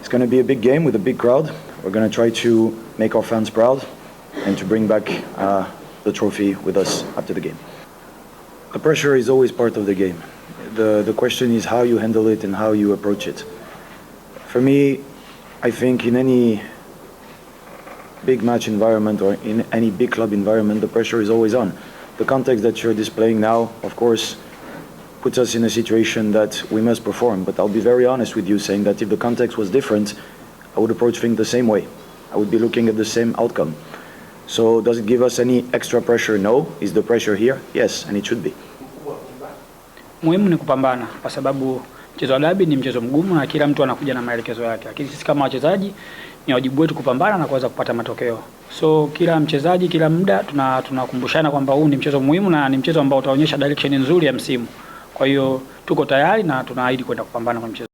It's going to be a big game with a big crowd. We're going to try to make our fans proud and to bring back uh, the trophy with us after the game. The pressure is always part of the game. The, the question is how you handle it and how you approach it. For me, I think in any big match environment or in any big club environment, the pressure is always on. The context that you're displaying now, of course, puts us in a situation that we must perform. But I'll be very honest with you, saying that if the context was different, I would approach things the same way. I would be looking at the same outcome. So does it give us any extra pressure? No. Is the pressure here? Yes, and it should be. Muhimu ni kupambana kwa sababu mchezo wa dabi ni mchezo mgumu na kila mtu anakuja na maelekezo yake, lakini sisi kama wachezaji ni wajibu wetu kupambana na kuweza kupata matokeo. So kila mchezaji, kila muda tunakumbushana tuna kwamba huu ni mchezo muhimu na ni mchezo ambao utaonyesha direction nzuri ya msimu. Kwa hiyo tuko tayari na tunaahidi kwenda kupambana kwa mchezo.